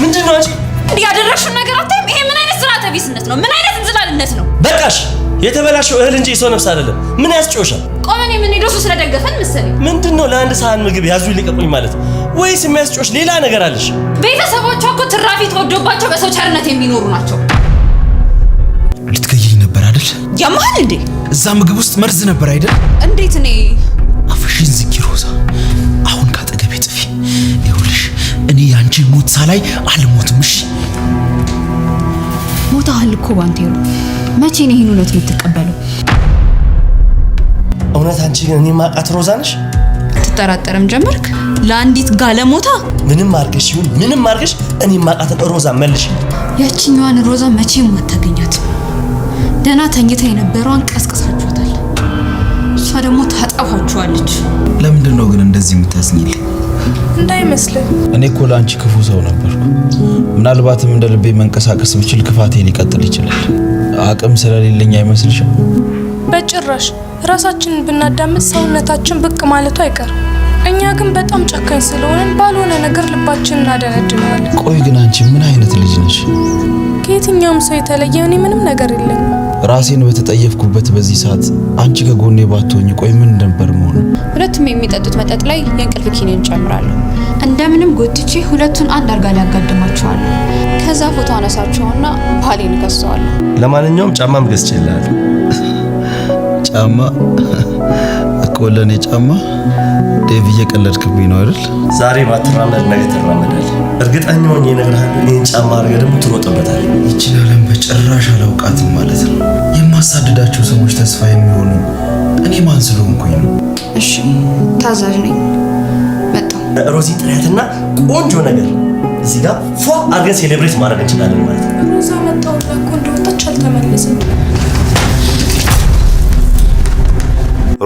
ምንድን ነገር ይሄ ምን አይነት ስርዓተ ቢስነት ነው? ምን አይነት እንዝላልነት ነው? በቃሽ። የተበላሸው እህል እንጂ የሰው ነፍስ አይደለም። ምን ያስጮሻል? ቆመን የምንሄደው እሱ ስለደገፈን መሰለኝ። ምንድን ነው ለአንድ ሰሃን ምግብ ያዙ ይልቀቁኝ ማለት ወይስ የሚያስጮሽ ሌላ ነገር አለሽ? ቤተሰቦቿ እኮ ትራፊ ተወዶባቸው በሰው ቸርነት የሚኖሩ ናቸው። ልትገይኝ ነበር አይደል? ያማል እንዴ እዛ ምግብ ውስጥ መርዝ ነበር አይደል? እንዴት እኔ አፍሽን ዝጊ ሮዛ። አሁን ካጠገቤ ጥፊ። ይኸውልሽ እኔ ያንቺ ሞት ሳላይ አልሞትም። እሺ ሞታህል እኮ ባንቴሮ። መቼ ነው ይህን እውነት የምትቀበለው? እውነት አንቺ ግን እኔ ማቃት ሮዛ ነሽ? ትጠራጠርም ጀመርክ? ለአንዲት ጋለሞታ ምንም አርገሽ ይሁን ምንም አርገሽ እኔ ማቃትን ሮዛ መልሽ። ያችኛዋን ሮዛ መቼም አታገኛት። ደህና ተኝታ የነበረዋን ቀስቅሳችኋታል። እሷ ደግሞ ታጠፋችኋለች። ለምንድን ነው ግን እንደዚህ የምታዝኝልኝ? እንዳይመስልህ እኔ እኮ ለአንቺ ክፉ ሰው ነበርኩ። ምናልባትም እንደ ልቤ መንቀሳቀስ ብችል ክፋቴ ሊቀጥል ይችላል። አቅም ስለሌለኝ አይመስልሽም? በጭራሽ። ራሳችንን ብናዳምጥ ሰውነታችን ብቅ ማለቱ አይቀርም። እኛ ግን በጣም ጨካኝ ስለሆንን ባልሆነ ነገር ልባችን እናደረድረዋለን። ቆይ ግን አንቺ ምን አይነት ልጅ ነሽ? ከየትኛውም ሰው የተለየ እኔ ምንም ነገር የለም። ራሴን በተጠየፍኩበት በዚህ ሰዓት አንቺ ከጎኔ ባትሆኝ ቆይ ምን ነበር መሆኑ? ሁለቱም የሚጠጡት መጠጥ ላይ የእንቅልፍ ኪኒን ጨምራለሁ። እንደምንም ጎትቼ ሁለቱን አንድ አርጋ ላይ ያጋድማቸዋለሁ። ከዛ ፎቶ አነሳቸውና ባሌን እከሰዋለሁ። ለማንኛውም ጫማም ገዝቼልሃለሁ። ጫማ ወለኔ ጫማ ዴቭ እየቀለድክብኝ ነው አይደል? ዛሬ ባትራመድ ነገ ትራመዳል። እርግጠኛ ሆኜ እነግርሃለሁ። ይህን ጫማ አድርገህ ደግሞ ትሮጥበታል። ይችን ዓለም በጭራሽ አላውቃትም ማለት ነው። የማሳድዳቸው ሰዎች ተስፋ የሚሆኑ እኔ ማን ስለሆንኩኝ ነው? እሺ ታዛዥ ነኝ። በጣም ሮዚ፣ ጥሪያትና ቆንጆ ነገር እዚህ ጋር ፏ አድርገን ሴሌብሬት ማድረግ እንችላለን ማለት ነው። ሮዛ መጣውላ እኮ እንደወጣች አልተመለሰም።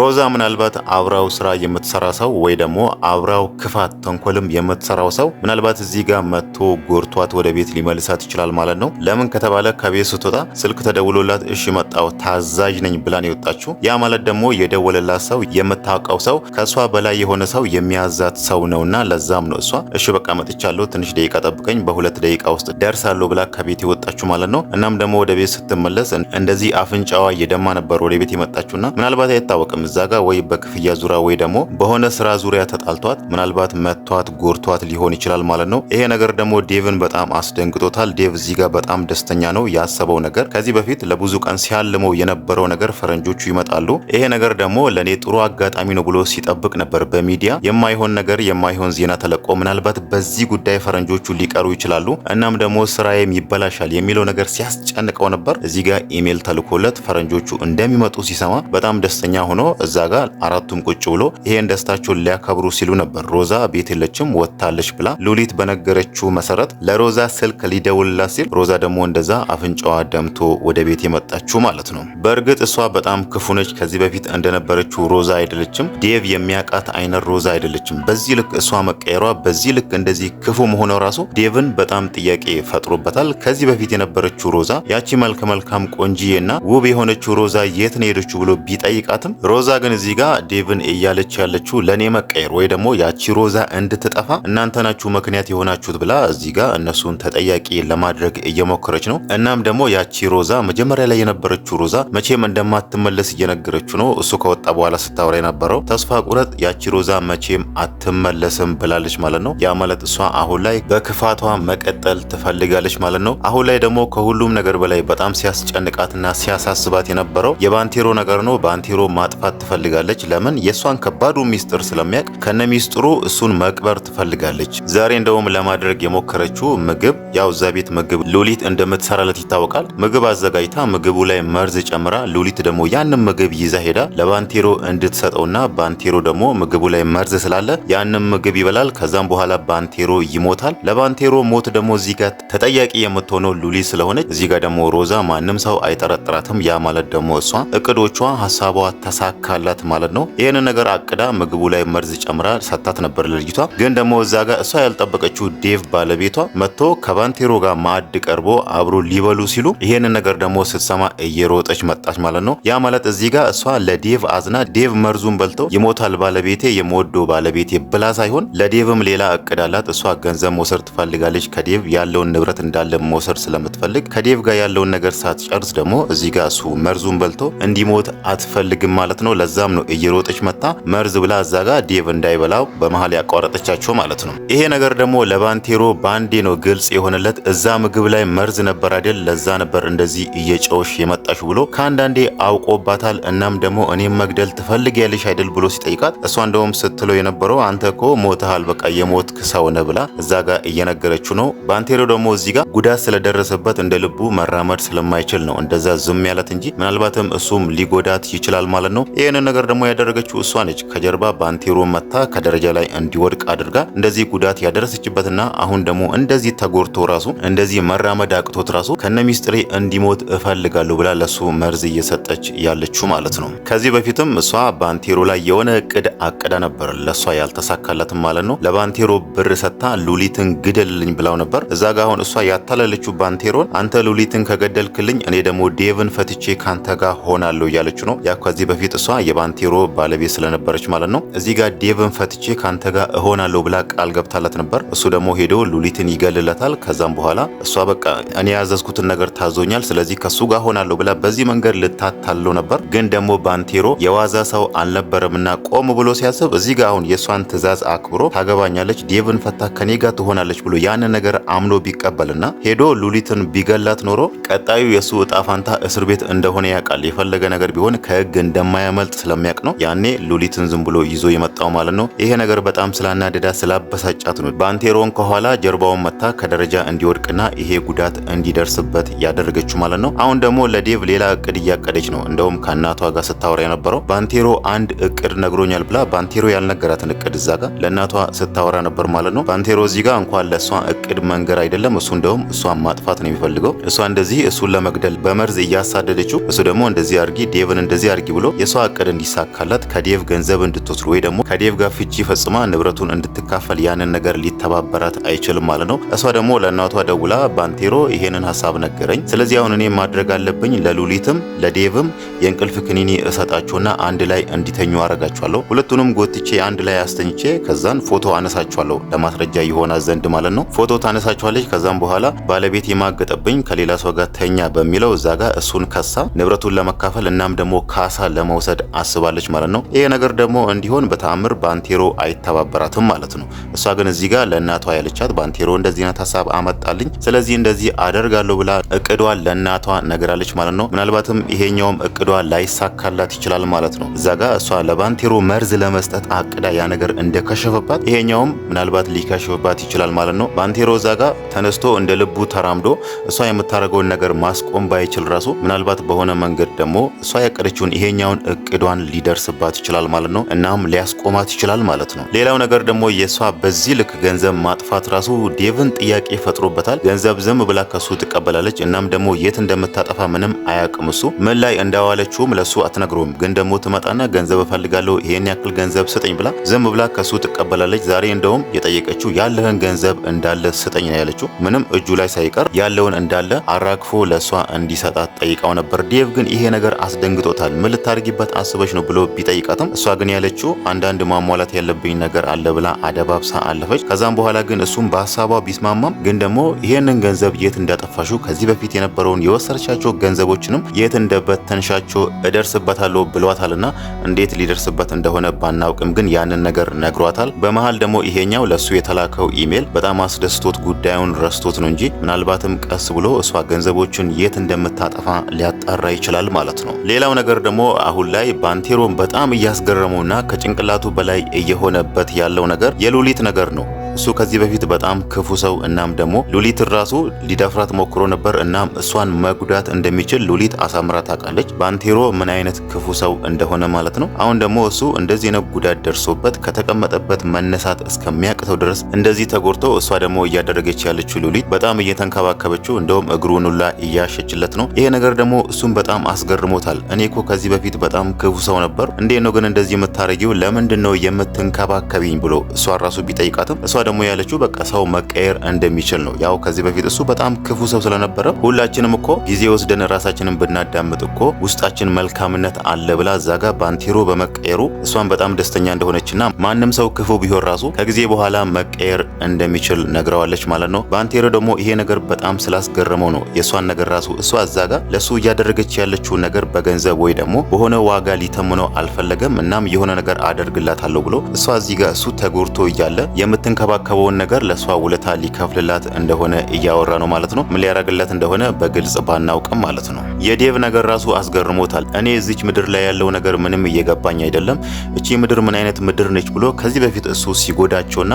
ሮዛ ምናልባት አብራው ስራ የምትሰራ ሰው ወይ ደግሞ አብራው ክፋት ተንኮልም የምትሰራው ሰው ምናልባት እዚህ ጋር መጥቶ ጎርቷት ወደ ቤት ሊመልሳት ይችላል ማለት ነው። ለምን ከተባለ ከቤት ስትወጣ ስልክ ተደውሎላት እሺ መጣው ታዛዥ ነኝ ብላን የወጣችው። ያ ማለት ደግሞ የደወለላት ሰው የምታውቀው ሰው ከእሷ በላይ የሆነ ሰው የሚያዛት ሰው ነውና ለዛም ነው እሷ እሺ በቃ መጥቻለሁ ትንሽ ደቂቃ ጠብቀኝ በሁለት ደቂቃ ውስጥ ደርሳለሁ ብላ ከቤት የወጣችሁ ማለት ነው። እናም ደግሞ ወደ ቤት ስትመለስ እንደዚህ አፍንጫዋ እየደማ ነበር ወደ ቤት የመጣችሁና ምናልባት አይታወቅም አላውቅም እዛ ጋር ወይ በክፍያ ዙሪያ ወይ ደግሞ በሆነ ስራ ዙሪያ ተጣልቷት ምናልባት መቷት ጎርቷት ሊሆን ይችላል ማለት ነው። ይሄ ነገር ደግሞ ዴቭን በጣም አስደንግጦታል። ዴቭ እዚህ ጋር በጣም ደስተኛ ነው። ያሰበው ነገር ከዚህ በፊት ለብዙ ቀን ሲያልመው የነበረው ነገር ፈረንጆቹ ይመጣሉ፣ ይሄ ነገር ደግሞ ለእኔ ጥሩ አጋጣሚ ነው ብሎ ሲጠብቅ ነበር። በሚዲያ የማይሆን ነገር የማይሆን ዜና ተለቆ ምናልባት በዚህ ጉዳይ ፈረንጆቹ ሊቀሩ ይችላሉ፣ እናም ደግሞ ስራዬም ይበላሻል የሚለው ነገር ሲያስጨንቀው ነበር። እዚህ ጋር ኢሜል ተልኮለት ፈረንጆቹ እንደሚመጡ ሲሰማ በጣም ደስተኛ ሆኖ እዛ ጋር አራቱም ቁጭ ብሎ ይሄን ደስታቸውን ሊያከብሩ ሲሉ ነበር ሮዛ ቤት የለችም ወጥታለች ብላ ሉሊት በነገረችው መሰረት ለሮዛ ስልክ ሊደውልላት ሲል ሮዛ ደግሞ እንደዛ አፍንጫዋ ደምቶ ወደ ቤት የመጣችው ማለት ነው። በእርግጥ እሷ በጣም ክፉ ነች። ከዚህ በፊት እንደነበረችው ሮዛ አይደለችም። ዴቭ የሚያውቃት አይነት ሮዛ አይደለችም። በዚህ ልክ እሷ መቀየሯ፣ በዚህ ልክ እንደዚህ ክፉ መሆኗ ራሱ ዴቭን በጣም ጥያቄ ፈጥሮበታል። ከዚህ በፊት የነበረችው ሮዛ ያቺ መልከ መልካም ቆንጂዬና ውብ የሆነችው ሮዛ የት ነው ብሎ ቢጠይቃትም ሮዛ ግን እዚህ ጋር ዴቭን እያለች ያለችው ለእኔ መቀየር ወይ ደግሞ ያቺ ሮዛ እንድትጠፋ እናንተ ናችሁ ምክንያት የሆናችሁት ብላ እዚህ ጋር እነሱን ተጠያቂ ለማድረግ እየሞከረች ነው። እናም ደግሞ ያቺ ሮዛ መጀመሪያ ላይ የነበረችው ሮዛ መቼም እንደማትመለስ እየነገረችው ነው። እሱ ከወጣ በኋላ ስታወራ የነበረው ተስፋ ቁረጥ፣ ያቺ ሮዛ መቼም አትመለስም ብላለች ማለት ነው። ያ ማለት እሷ አሁን ላይ በክፋቷ መቀጠል ትፈልጋለች ማለት ነው። አሁን ላይ ደግሞ ከሁሉም ነገር በላይ በጣም ሲያስጨንቃትና ሲያሳስባት የነበረው የባንቴሮ ነገር ነው። ባንቴሮ ማጥፋት ማጥፋት ትፈልጋለች። ለምን? የእሷን ከባዱ ሚስጥር ስለሚያውቅ ከነ ሚስጥሩ እሱን መቅበር ትፈልጋለች። ዛሬ እንደውም ለማድረግ የሞከረችው ምግብ ያው እዛ ቤት ምግብ ሉሊት እንደምትሰራለት ይታወቃል። ምግብ አዘጋጅታ ምግቡ ላይ መርዝ ጨምራ፣ ሉሊት ደግሞ ያንን ምግብ ይዛ ሄዳ ለባንቴሮ እንድትሰጠውና ባንቴሮ ደግሞ ምግቡ ላይ መርዝ ስላለ ያንን ምግብ ይበላል። ከዛም በኋላ ባንቴሮ ይሞታል። ለባንቴሮ ሞት ደግሞ እዚህ ጋር ተጠያቂ የምትሆነው ሉሊት ስለሆነች እዚህ ጋር ደግሞ ሮዛ ማንም ሰው አይጠረጥራትም። ያ ማለት ደግሞ እሷ እቅዶቿ ሀሳቧ ተሳካ ተሳካላት ማለት ነው። ይህንን ነገር አቅዳ ምግቡ ላይ መርዝ ጨምራ ሰታት ነበር ለልጅቷ። ግን ደግሞ እዛ ጋር እሷ ያልጠበቀችው ዴቭ ባለቤቷ መጥቶ ከባንቴሮ ጋር ማዕድ ቀርቦ አብሮ ሊበሉ ሲሉ ይህንን ነገር ደግሞ ስትሰማ እየሮጠች መጣች ማለት ነው። ያ ማለት እዚህ ጋር እሷ ለዴቭ አዝና ዴቭ መርዙን በልቶ ይሞታል ባለቤቴ የመወዶ ባለቤቴ ብላ ሳይሆን ለዴቭም ሌላ እቅዳላት አላት። እሷ ገንዘብ መውሰድ ትፈልጋለች ከዴቭ ያለውን ንብረት እንዳለ መውሰድ ስለምትፈልግ ከዴቭ ጋር ያለውን ነገር ሳትጨርስ ደግሞ እዚህ ጋር እሱ መርዙን በልቶ እንዲሞት አትፈልግም ማለት ነው። ነው። ለዛም ነው እየሮጠች መጣ መርዝ ብላ እዛ ጋ ዴቭ እንዳይበላው በመሀል ያቋረጠቻቸው ማለት ነው። ይሄ ነገር ደግሞ ለባንቴሮ ባንዴ ነው ግልጽ የሆነለት። እዛ ምግብ ላይ መርዝ ነበር አይደል? ለዛ ነበር እንደዚህ እየጨውሽ የመጣሽ ብሎ ከአንዳንዴ አውቆባታል። እናም ደግሞ እኔም መግደል ትፈልጊያለሽ አይደል ብሎ ሲጠይቃት እሷ እንደውም ስትለው የነበረው አንተ እኮ ሞተሃል፣ በቃ የሞት ክሰውነ ብላ እዛ ጋ እየነገረችው ነው። ባንቴሮ ደግሞ እዚህ ጋር ጉዳት ስለደረሰበት እንደ ልቡ መራመድ ስለማይችል ነው እንደዛ ዝም ያለት እንጂ ምናልባትም እሱም ሊጎዳት ይችላል ማለት ነው። ይህንን ነገር ደግሞ ያደረገችው እሷ ነች። ከጀርባ ባንቴሮ መታ ከደረጃ ላይ እንዲወድቅ አድርጋ እንደዚህ ጉዳት ያደረሰችበትና አሁን ደግሞ እንደዚህ ተጎድቶ ራሱ እንደዚህ መራመድ አቅቶት ራሱ ከነ ሚስጥሬ እንዲሞት እፈልጋለሁ ብላ ለሱ መርዝ እየሰ እየሮጠች ያለችው ማለት ነው። ከዚህ በፊትም እሷ ባንቴሮ ላይ የሆነ እቅድ አቅዳ ነበር፣ ለእሷ ያልተሳካላትም ማለት ነው። ለባንቴሮ ብር ሰጥታ ሉሊትን ግደልልኝ ብላው ነበር። እዛ ጋ አሁን እሷ ያታለለችው ባንቴሮን አንተ ሉሊትን ከገደልክልኝ እኔ ደግሞ ዴቭን ፈትቼ ካንተ ጋር ሆናለሁ እያለች ነው። ያ ከዚህ በፊት እሷ የባንቴሮ ባለቤት ስለነበረች ማለት ነው። እዚህ ጋር ዴቭን ፈትቼ ካንተ ጋር እሆናለሁ ብላ ቃል ገብታለት ነበር። እሱ ደግሞ ሄዶ ሉሊትን ይገልለታል። ከዛም በኋላ እሷ በቃ እኔ ያዘዝኩትን ነገር ታዞኛል፣ ስለዚህ ከሱ ጋር ሆናለሁ ብላ በዚህ መንገድ ልታት አታሎ ነበር። ግን ደግሞ ባንቴሮ የዋዛ ሰው አልነበረምና ቆም ብሎ ሲያስብ እዚህ ጋር አሁን የእሷን ትዕዛዝ አክብሮ ታገባኛለች፣ ዴቭን ፈታ ከኔ ጋር ትሆናለች ብሎ ያንን ነገር አምኖ ቢቀበልና ሄዶ ሉሊትን ቢገላት ኖሮ ቀጣዩ የእሱ እጣ ፋንታ እስር ቤት እንደሆነ ያውቃል። የፈለገ ነገር ቢሆን ከህግ እንደማያመልጥ ስለሚያውቅ ነው ያኔ ሉሊትን ዝም ብሎ ይዞ የመጣው ማለት ነው። ይሄ ነገር በጣም ስላናደዳ ስላበሳጫት ነው ባንቴሮን ከኋላ ጀርባውን መታ ከደረጃ እንዲወድቅና ይሄ ጉዳት እንዲደርስበት ያደረገችው ማለት ነው። አሁን ደግሞ ለዴቭ ሌላ እቅድ እያቀደች ነው። እንደውም ከእናቷ ጋር ስታወራ የነበረው ባንቴሮ አንድ እቅድ ነግሮኛል ብላ ባንቴሮ ያልነገራትን እቅድ እዛ ጋር ለእናቷ ስታወራ ነበር ማለት ነው። ባንቴሮ እዚህ ጋር እንኳን ለእሷ እቅድ መንገር አይደለም እሱ እንደውም እሷን ማጥፋት ነው የሚፈልገው። እሷ እንደዚህ እሱን ለመግደል በመርዝ እያሳደደችው፣ እሱ ደግሞ እንደዚህ አርጊ፣ ዴቭን እንደዚህ አርጊ ብሎ የእሷ እቅድ እንዲሳካላት ከዴቭ ገንዘብ እንድትወስዱ ወይ ደግሞ ከዴቭ ጋር ፍቺ ፈጽማ ንብረቱን እንድትካፈል ያንን ነገር ሊተባበራት አይችልም ማለት ነው። እሷ ደግሞ ለእናቷ ደውላ ባንቴሮ ይሄንን ሀሳብ ነገረኝ፣ ስለዚህ አሁን እኔ ማድረግ አለብኝ ለሉሊትም ለዴቭ ምግብም የእንቅልፍ ክኒኒ እሰጣቸውና አንድ ላይ እንዲተኙ አረጋቸዋለሁ። ሁለቱንም ጎትቼ አንድ ላይ አስተኝቼ ከዛን ፎቶ አነሳቸዋለሁ ለማስረጃ ይሆና ዘንድ ማለት ነው። ፎቶ ታነሳቸዋለች። ከዛም በኋላ ባለቤት የማገጠብኝ ከሌላ ሰው ጋር ተኛ በሚለው እዛ ጋር እሱን ከሳ ንብረቱን ለመካፈል እናም ደግሞ ካሳ ለመውሰድ አስባለች ማለት ነው። ይሄ ነገር ደግሞ እንዲሆን በተአምር ባንቴሮ አይተባበራትም ማለት ነው። እሷ ግን እዚህ ጋር ለእናቷ ያለቻት ባንቴሮ እንደዚህ አይነት ሀሳብ አመጣልኝ፣ ስለዚህ እንደዚህ አደርጋለሁ ብላ እቅዷ ለእናቷ ነግራለች ማለት ነው። ምናልባትም ይሄኛው ማንኛውም እቅዷ ላይሳካላት ይችላል ማለት ነው። እዛ ጋ እሷ ለባንቴሮ መርዝ ለመስጠት አቅዳ ያ ነገር እንደከሸፈባት ይሄኛውም ምናልባት ሊከሸፍባት ይችላል ማለት ነው። ባንቴሮ እዛ ጋ ተነስቶ እንደ ልቡ ተራምዶ እሷ የምታደርገውን ነገር ማስቆም ባይችል ራሱ ምናልባት በሆነ መንገድ ደግሞ እሷ ያቀደችውን ይሄኛውን እቅዷን ሊደርስባት ይችላል ማለት ነው። እናም ሊያስቆማት ይችላል ማለት ነው። ሌላው ነገር ደግሞ የእሷ በዚህ ልክ ገንዘብ ማጥፋት ራሱ ዴቭን ጥያቄ ፈጥሮበታል። ገንዘብ ዝም ብላ ከሱ ትቀበላለች። እናም ደግሞ የት እንደምታጠፋ ምንም አያውቅም እሱ ምን ላይ እንዳዋለችውም ለሱ አትነግሮም። ግን ደግሞ ትመጣና ገንዘብ እፈልጋለሁ ይሄን ያክል ገንዘብ ስጠኝ ብላ ዝም ብላ ከሱ ትቀበላለች። ዛሬ እንደውም የጠየቀችው ያለህን ገንዘብ እንዳለ ስጠኝ ነው ያለችው። ምንም እጁ ላይ ሳይቀር ያለውን እንዳለ አራግፎ ለእሷ እንዲሰጣት ጠይቃው ነበር። ዴቭ ግን ይሄ ነገር አስደንግጦታል። ምን ልታደርጊበት አስበሽ ነው ብሎ ቢጠይቃትም እሷ ግን ያለችው አንዳንድ ማሟላት ያለብኝ ነገር አለ ብላ አደባብሳ አለፈች። ከዛም በኋላ ግን እሱም በሀሳቧ ቢስማማም ግን ደግሞ ይሄንን ገንዘብ የት እንዳጠፋሹ ከዚህ በፊት የነበረውን የወሰደቻቸው ገንዘቦችንም የት እንደበት ፈተንሻቸው እደርስበታለሁ ብሏታልና እንዴት ሊደርስበት እንደሆነ ባናውቅም ግን ያንን ነገር ነግሯታል። በመሀል ደግሞ ይሄኛው ለሱ የተላከው ኢሜል በጣም አስደስቶት ጉዳዩን ረስቶት ነው እንጂ ምናልባትም ቀስ ብሎ እሷ ገንዘቦችን የት እንደምታጠፋ ሊያጣራ ይችላል ማለት ነው። ሌላው ነገር ደግሞ አሁን ላይ ባንቴሮን በጣም እያስገረመውና ከጭንቅላቱ በላይ እየሆነበት ያለው ነገር የሉሊት ነገር ነው። እሱ ከዚህ በፊት በጣም ክፉ ሰው እናም ደግሞ ሉሊትን ራሱ ሊደፍራት ሞክሮ ነበር። እናም እሷን መጉዳት እንደሚችል ሉሊት አሳምራ ታውቃለች። ባንቴሮ ምን አይነት ክፉ ሰው እንደሆነ ማለት ነው። አሁን ደግሞ እሱ እንደዚህ ነው ጉዳት ደርሶበት ከተቀመጠበት መነሳት እስከሚያቅተው ድረስ እንደዚህ ተጎድቶ እሷ ደግሞ እያደረገች ያለችው ሉሊት በጣም እየተንከባከበችው እንደውም እግሩን ሁላ እያሸችለት ነው። ይሄ ነገር ደግሞ እሱን በጣም አስገርሞታል። እኔ እኮ ከዚህ በፊት በጣም ክፉ ሰው ነበር፣ እንዴት ነው ግን እንደዚህ የምታረጊው? ለምንድን ነው የምትንከባከቢኝ? ብሎ እሷ ራሱ ቢጠይቃትም እሷ ደግሞ ያለችው በቃ ሰው መቀየር እንደሚችል ነው። ያው ከዚህ በፊት እሱ በጣም ክፉ ሰው ስለነበረ ሁላችንም እኮ ጊዜ ወስደን ራሳችንን ብናዳምጥ እኮ ውስጣችን መልካምነት አለ ብላ እዛ ጋ ባንቴሮ በመቀየሩ እሷን በጣም ደስተኛ እንደሆነችና ማንም ሰው ክፉ ቢሆን ራሱ ከጊዜ በኋላ መቀየር እንደሚችል ነግረዋለች ማለት ነው። ባንቴሮ ደግሞ ይሄ ነገር በጣም ስላስገረመው ነው የእሷን ነገር ራሱ እሷ እዛ ጋ ለእሱ እያደረገች ያለችው ነገር በገንዘብ ወይ ደግሞ በሆነ ዋጋ ሊተምነው አልፈለገም። እናም የሆነ ነገር አደርግላታለሁ ብሎ እሷ እዚህ ጋ እሱ ተጎድቶ እያለ የምትንከ የተንከባከበውን ነገር ለእሷ ውለታ ሊከፍልላት እንደሆነ እያወራ ነው ማለት ነው። ምን ሊያደርግላት እንደሆነ በግልጽ ባናውቅም ማለት ነው። የዴቭ ነገር ራሱ አስገርሞታል። እኔ እዚች ምድር ላይ ያለው ነገር ምንም እየገባኝ አይደለም፣ እቺ ምድር ምን አይነት ምድር ነች ብሎ ከዚህ በፊት እሱ ሲጎዳቸውና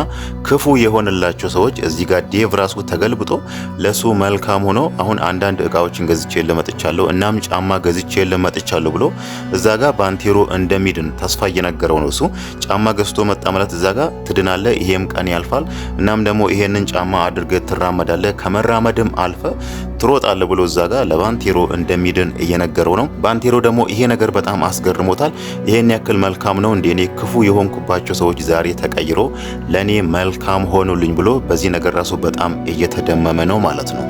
ክፉ የሆንላቸው ሰዎች እዚህ ጋር ዴቭ ራሱ ተገልብጦ ለሱ መልካም ሆኖ አሁን አንዳንድ እቃዎችን ገዝቼ ልመጥቻለሁ እናም ጫማ ገዝቼ ልመጥቻለሁ ብሎ እዛ ጋር ባንቴሮ እንደሚድን ተስፋ እየነገረው ነው። እሱ ጫማ ገዝቶ መጣ ማለት እዛ ጋር ትድናለ፣ ይሄም ቀን ያልፋል። እናም ደግሞ ይሄንን ጫማ አድርገ ትራመዳለ ከመራመድም አልፈ ትሮጣለ ብሎ እዛ ጋር ለባንቴሮ እንደሚድን እየነገረው ነው። ባንቴሮ ደግሞ ይሄ ነገር በጣም አስገርሞታል። ይሄን ያክል መልካም ነው እንዴ? እኔ ክፉ የሆንኩባቸው ሰዎች ዛሬ ተቀይሮ ለእኔ መልካም ሆኑልኝ ብሎ በዚህ ነገር ራሱ በጣም እየተደመመ ነው ማለት ነው።